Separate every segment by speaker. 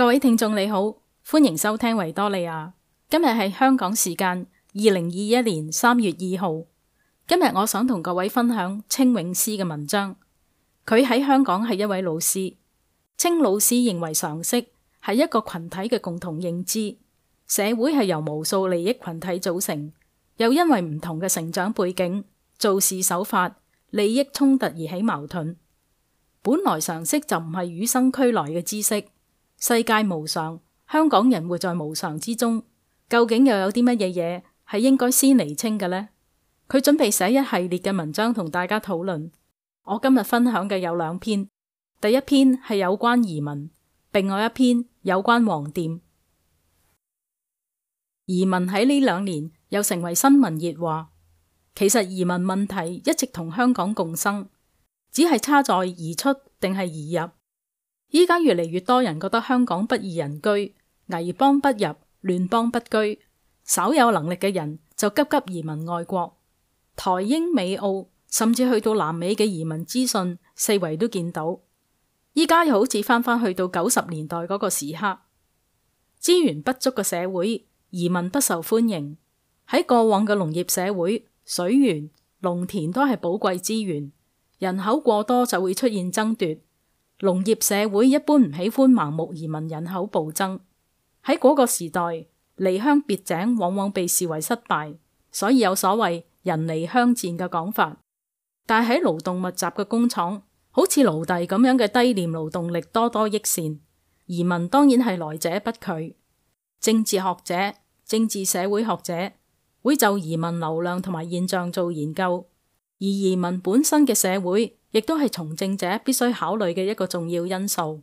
Speaker 1: 各位聽眾你好，歡迎收聽維多利亞。今日係香港時間二零二一年三月二號。今日我想同各位分享青永屍嘅文章。佢喺香港係一位老師。青老師認為常識係一個群體嘅共同認知，社會係由無數利益群體組成，又因為唔同嘅成長背景、做事手法、利益衝突而起矛盾。本來常識就唔係與生俱來嘅知識。世界無常，香港人活在無常之中，究竟又有啲乜嘢嘢係應該先厘清嘅呢？佢準備寫一系列嘅文章同大家討論。我今日分享嘅有兩篇，第一篇係有關移民，另外一篇有關黃店。移民喺呢兩年又成為新聞熱話。其實移民問題一直同香港共生，只係差在移出定係移入。依家越嚟越多人覺得香港不宜人居，危邦不入，亂邦不居，稍有能力嘅人就急急移民外國，台、英、美、澳，甚至去到南美嘅移民資訊四圍都見到。依家又好似翻翻去到九十年代嗰個時刻，資源不足嘅社會，移民不受歡迎。喺過往嘅農業社會，水源、農田都係寶貴資源，人口過多就會出現爭奪。農業社會一般唔喜歡盲目移民、人口暴增，喺嗰個時代離鄉別井往往被視為失敗，所以有所謂人離鄉賤嘅講法。但喺勞動密集嘅工廠，好似奴隸咁樣嘅低廉勞動力多多益善，移民當然係來者不拒。政治學者，政治社會學者會就移民流量同埋現象做研究，而移民本身嘅社會。亦都係從政者必須考慮嘅一個重要因素。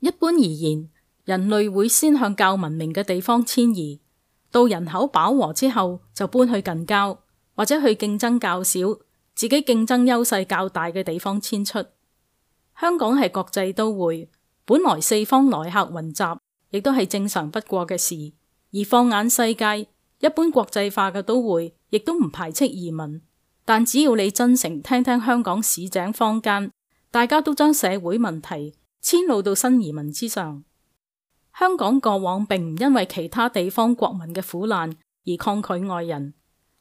Speaker 1: 一般而言，人類會先向較文明嘅地方遷移，到人口飽和之後就搬去近郊，或者去競爭較少、自己競爭優勢較大嘅地方遷出。香港係國際都會，本來四方來客雲集，亦都係正常不過嘅事。而放眼世界，一般國際化嘅都會，亦都唔排斥移民。但只要你真誠聽聽香港市井坊間，大家都將社會問題遷怒到新移民之上。香港過往並唔因為其他地方國民嘅苦難而抗拒外人。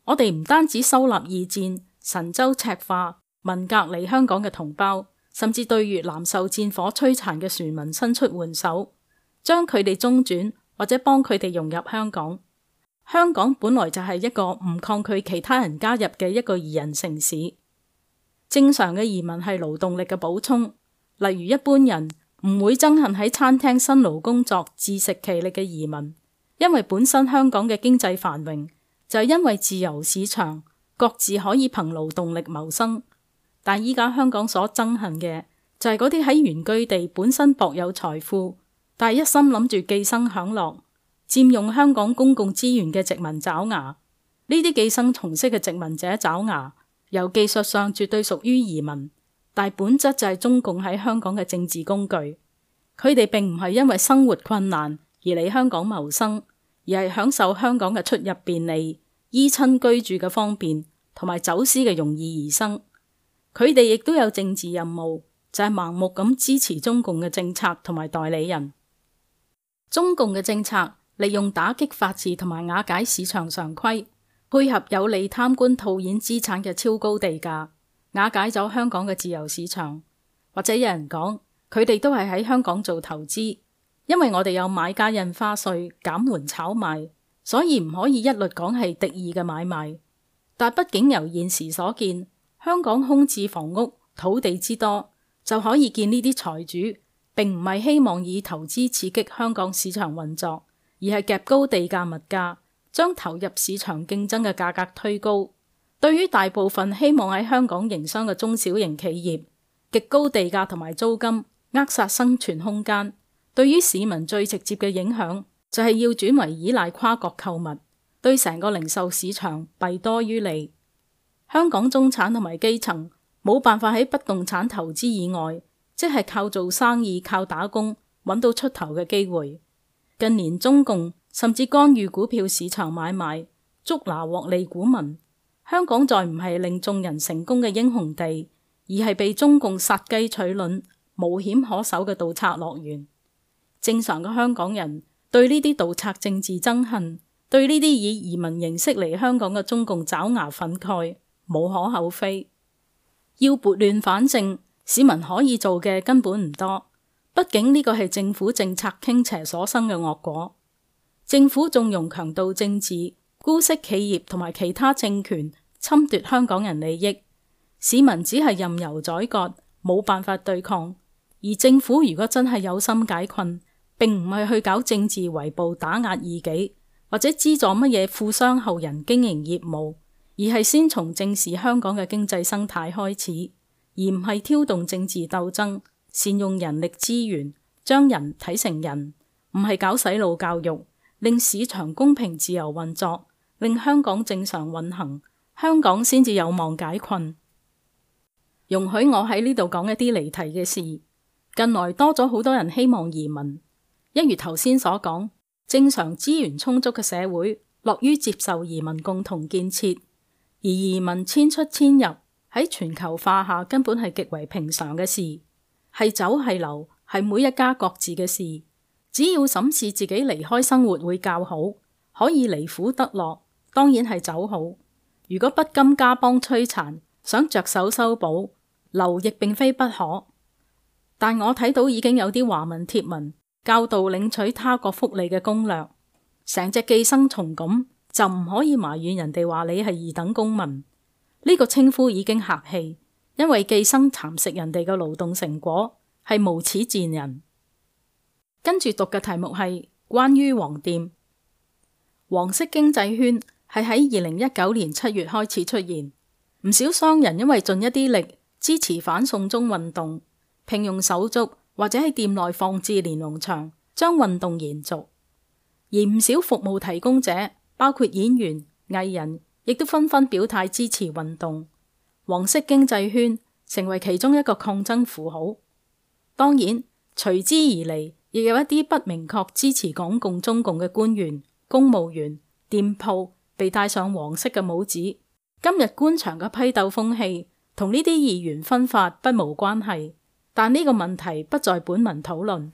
Speaker 1: 我哋唔單止收納二戰、神州赤化、文革嚟香港嘅同胞，甚至對越南受戰火摧殘嘅船民伸出援手，將佢哋中轉或者幫佢哋融入香港。香港本來就係一個唔抗拒其他人加入嘅一個移民城市。正常嘅移民係勞動力嘅補充，例如一般人唔會憎恨喺餐廳辛勞工作、自食其力嘅移民，因為本身香港嘅經濟繁榮就係、是、因為自由市場，各自可以憑勞動力謀生。但依家香港所憎恨嘅就係嗰啲喺原居地本身薄有財富，但係一心諗住寄生享樂。佔用香港公共資源嘅殖民爪牙，呢啲寄生蟲式嘅殖民者爪牙，由技術上絕對屬於移民，但本質就係中共喺香港嘅政治工具。佢哋並唔係因為生活困難而嚟香港謀生，而係享受香港嘅出入便利、依親居住嘅方便同埋走私嘅容易而生。佢哋亦都有政治任務，就係盲目咁支持中共嘅政策同埋代理人。中共嘅政策。利用打擊法治同埋瓦解市場常規，配合有利貪官套現資產嘅超高地價，瓦解咗香港嘅自由市場。或者有人講，佢哋都係喺香港做投資，因為我哋有買家印花稅，減緩炒賣，所以唔可以一律講係敵意嘅買賣。但畢竟由現時所見，香港空置房屋土地之多，就可以見呢啲財主並唔係希望以投資刺激香港市場運作，而係夾高地價物價，將投入市場競爭嘅價格推高。對於大部分希望喺香港營商嘅中小型企業，極高地價同埋租金，扼殺生存空間。對於市民最直接嘅影響，就係要轉為依賴跨國購物，對成個零售市場弊多於利。香港中產同埋基層冇辦法喺不動產投資以外，即係靠做生意、靠打工，搵到出頭嘅機會。近年中共甚至干預股票市場買賣，捉拿獲利股民。香港再唔係令眾人成功嘅英雄地，而係被中共殺雞取卵、無險可守嘅盜賊樂園。正常嘅香港人對呢啲盜賊政治憎恨，對呢啲以移民形式嚟香港嘅中共爪牙憤慨，無可厚非。要撥亂反正，市民可以做嘅根本唔多。畢竟呢個係政府政策傾斜所生嘅惡果，政府縱容強盜政治，姑息企業同埋其他政權，侵奪香港人利益，市民只係任由宰割，冇辦法對抗。而政府如果真係有心解困，並唔係去搞政治圍捕、打壓異己，或者資助乜嘢富商後人經營業務，而係先從正視香港嘅經濟生態開始，而唔係挑動政治鬥爭。善用人力資源，將人睇成人，唔係搞洗腦教育，令市場公平自由運作，令香港正常運行，香港先至有望解困。容許我喺呢度講一啲離題嘅事。近來多咗好多人希望移民，一如頭先所講，正常資源充足嘅社會樂於接受移民，共同建設。而移民遷出遷入喺全球化下根本係極為平常嘅事。係走係留係每一家各自嘅事，只要審視自己離開生活會較好，可以離苦得樂，當然係走好。如果不甘家邦摧殘，想着手修補，留亦並非不可。但我睇到已經有啲華文貼文教導領取他國福利嘅攻略，成隻寄生蟲咁就唔可以埋怨人哋話你係二等公民，呢、這個稱呼已經客氣。因為寄生蠶食人哋嘅勞動成果係無恥賤人。跟住讀嘅題目係關於黃店。黃色經濟圈，係喺二零一九年七月開始出現。唔少商人因為盡一啲力支持反送中運動，聘用手足或者喺店內放置連儂牆，將運動延續。而唔少服務提供者，包括演員、藝人，亦都紛紛表態支持運動。黃色經濟圈成為其中一個抗爭符號，當然隨之而嚟亦有一啲不明確支持港共、中共嘅官員、公務員、店鋪被戴上黃色嘅帽子。今日官場嘅批鬥風氣同呢啲議員分發不無關係，但呢個問題不在本文討論。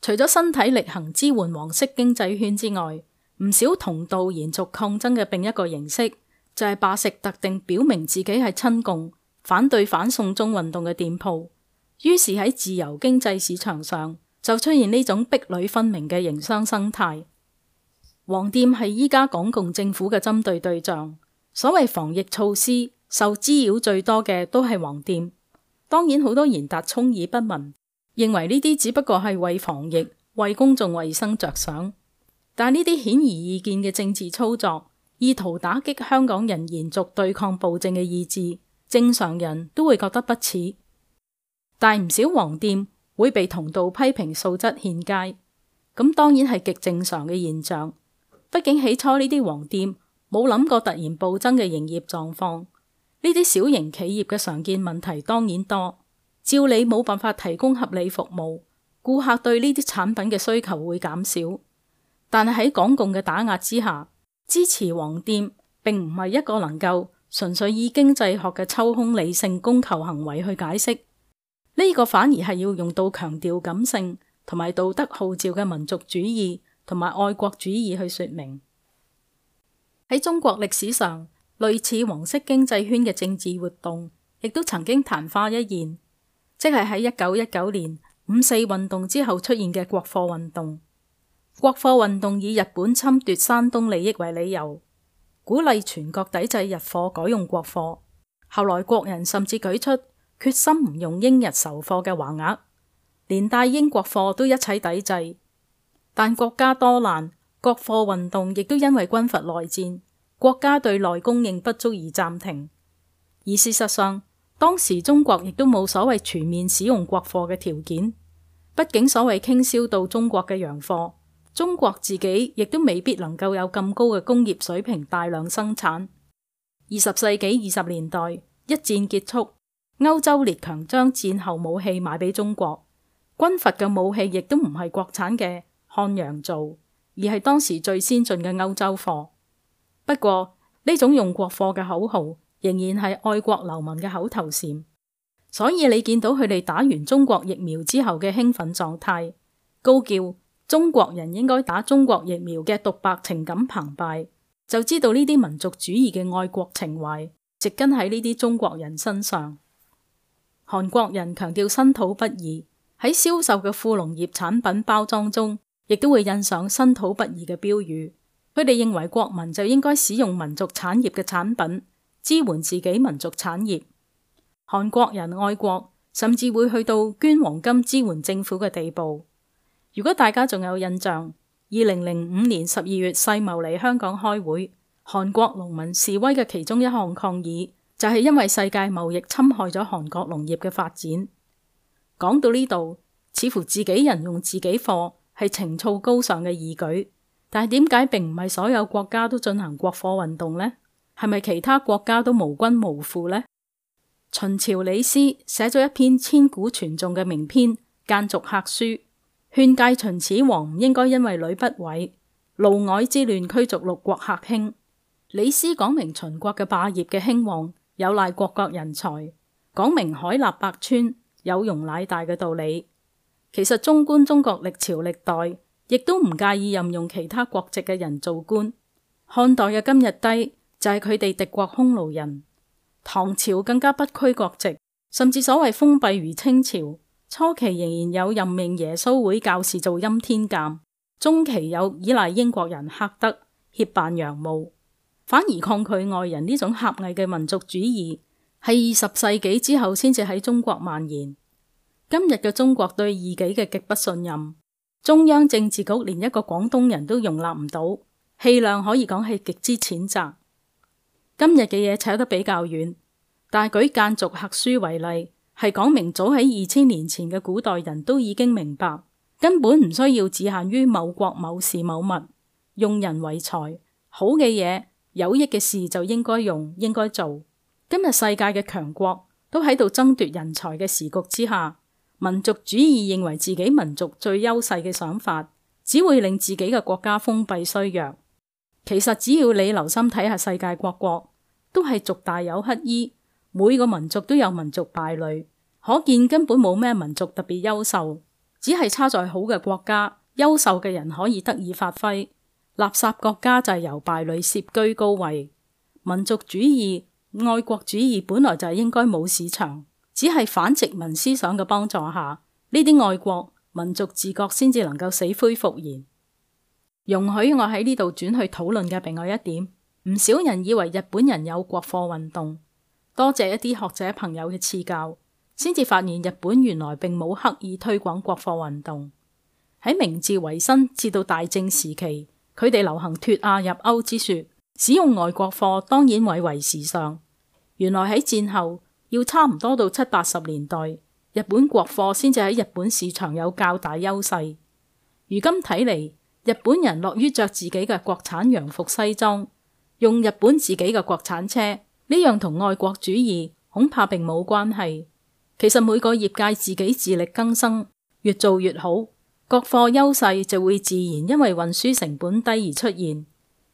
Speaker 1: 除咗身體力行支援黃色經濟圈之外，唔少同道延續抗爭嘅另一個形式，就係罷食特定表明自己係親共、反對反送中運動嘅店鋪，於是喺自由經濟市場上就出現呢種壁壘分明嘅營商生態。黃店係依家港共政府嘅針對對象，所謂防疫措施受滋擾最多嘅都係黃店。當然，好多賢達充耳不聞，認為呢啲只不過係為防疫、為公眾衛生着想，但呢啲顯而易見嘅政治操作。意圖打擊香港人延續對抗暴政嘅意志，正常人都會覺得不齒，但唔少黃店會被同道批評素質欠佳，咁當然係極正常嘅現象。畢竟起初呢啲黃店冇諗過突然暴增嘅營業狀況，呢啲小型企業嘅常見問題當然多，照理冇辦法提供合理服務，顧客對呢啲產品嘅需求會減少，但係喺港共嘅打壓之下。支持黃店並唔係一個能夠純粹以經濟學嘅抽空理性供求行為去解釋，呢個反而係要用到強調感性同埋道德號召嘅民族主義同埋愛國主義去說明。喺中國歷史上，類似黃色經濟圈嘅政治活動，亦都曾經曇花一現，即係喺一九一九年五四運動之後出現嘅國貨運動。國貨運動以日本侵奪山東利益為理由，鼓勵全國抵制日貨，改用國貨。後來國人甚至舉出決心唔用英日仇貨嘅橫額，連帶英國貨都一齊抵制。但國家多難，國貨運動亦都因為軍閥內戰，國家對內供應不足而暫停。而事實上，當時中國亦都冇所謂全面使用國貨嘅條件，畢竟所謂傾銷到中國嘅洋貨。中國自己亦都未必能夠有咁高嘅工業水平大量生產。二十世紀二十年代一戰結束，歐洲列強將戰後武器賣俾中國，軍閥嘅武器亦都唔係國產嘅漢陽造，而係當時最先進嘅歐洲貨。不過呢種用國貨嘅口號，仍然係愛國流民嘅口頭禪。所以你見到佢哋打完中國疫苗之後嘅興奮狀態，高叫。中國人應該打中國疫苗嘅獨白，情感澎湃，就知道呢啲民族主義嘅愛國情懷植根喺呢啲中國人身上。韓國人強調身土不移，喺銷售嘅富農業產品包裝中，亦都會印上身土不移嘅標語。佢哋認為國民就應該使用民族產業嘅產品，支援自己民族產業。韓國人愛國，甚至會去到捐黃金支援政府嘅地步。如果大家仲有印象，二零零五年十二月世貿嚟香港開會，韓國農民示威嘅其中一項抗議就係因為世界貿易侵害咗韓國農業嘅發展。講到呢度，似乎自己人用自己貨係情操高尚嘅義舉，但係點解並唔係所有國家都進行國貨運動呢？係咪其他國家都無君無父呢？秦朝李斯寫咗一篇千古傳頌嘅名篇《諫逐客書》。勸誡秦始皇唔應該因為呂不韋、嫪毐之亂驅逐六國客卿。李斯講明秦國嘅霸業嘅興旺有賴各國人才，講明海納百川有容乃大嘅道理。其實縱觀中國歷朝歷代，亦都唔介意任用其他國籍嘅人做官。漢代嘅今日低就係佢哋敵國匈奴人，唐朝更加不拘國籍，甚至所謂封閉如清朝，初期仍然有任命耶穌會教士做欽天監，中期有依賴英國人赫德協辦洋務，反而抗拒外人呢種狹隘嘅民族主義，係二十世紀之後先至喺中國蔓延。今日嘅中國對異己嘅極不信任，中央政治局連一個廣東人都容納唔到，氣量可以講係極之淺窄。今日嘅嘢扯得比較遠，但係舉間族客書為例。係講明，早喺二千年前嘅古代人都已經明白，根本唔需要只限於某國、某事、某物，用人為才，好嘅嘢、有益嘅事就應該用、應該做。今日世界嘅強國都喺度爭奪人才嘅時局之下，民族主義認為自己民族最優勢嘅想法，只會令自己嘅國家封閉衰弱。其實只要你留心睇下世界各國，都係族大有乞衣。每個民族都有民族敗類，可見根本冇咩民族特別優秀，只係差在好嘅國家，優秀嘅人可以得以發揮。垃圾國家就係由敗類攝居高位。民族主義、愛國主義本來就係應該冇市場，只係反殖民思想嘅幫助下，呢啲愛國民族自覺先至能夠死灰復燃。容許我喺呢度轉去討論嘅另外一點，唔少人以為日本人有國貨運動。多謝一啲學者朋友嘅賜教，先至發現日本原來並冇刻意推廣國貨運動。喺明治維新至到大正時期，佢哋流行脱亞入歐之說，使用外國貨當然蔚為時尚。原來喺戰後要差唔多到七八十年代，日本國貨先至喺日本市場有較大優勢。如今睇嚟，日本人樂於着自己嘅國產洋服西裝，用日本自己嘅國產車。呢樣同愛國主義恐怕並冇關係。其實每個業界自己自力更生，越做越好，國貨優勢就會自然因為運輸成本低而出現。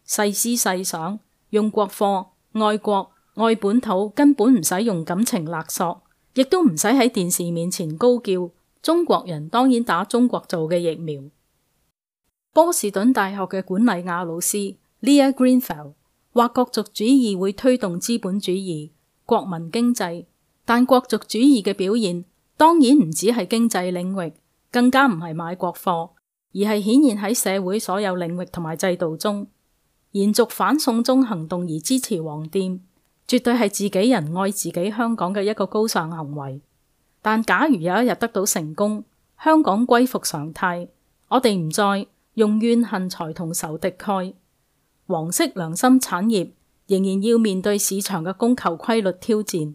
Speaker 1: 細思細想，用國貨、愛國、愛本土，根本唔使用，用感情勒索，亦都唔使喺電視面前高叫中國人當然打中國做嘅疫苗。波士頓大學嘅管理亞老師 Liah Greenfeld。或國族主義會推動資本主義國民經濟，但國族主義嘅表現當然唔止係經濟領域，更加唔係買國貨，而係顯現喺社會所有領域同埋制度中。延續反送中行動而支持黃店，絕對係自己人愛自己香港嘅一個高尚行為。但假如有一日得到成功，香港歸復常態，我哋唔再用怨恨財同仇敵愾。黃色良心產業仍然要面對市場嘅供求規律挑戰。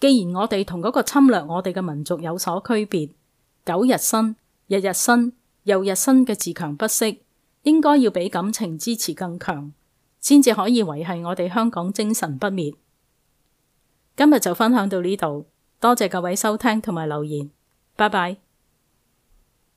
Speaker 1: 既然我哋同嗰個侵略我哋嘅民族有所區別，苟日新，日日新，又日新嘅自強不息，應該要比感情支持更強，先至可以維繫我哋香港精神不滅。今日就分享到呢度，多謝各位收聽同埋留言，拜拜。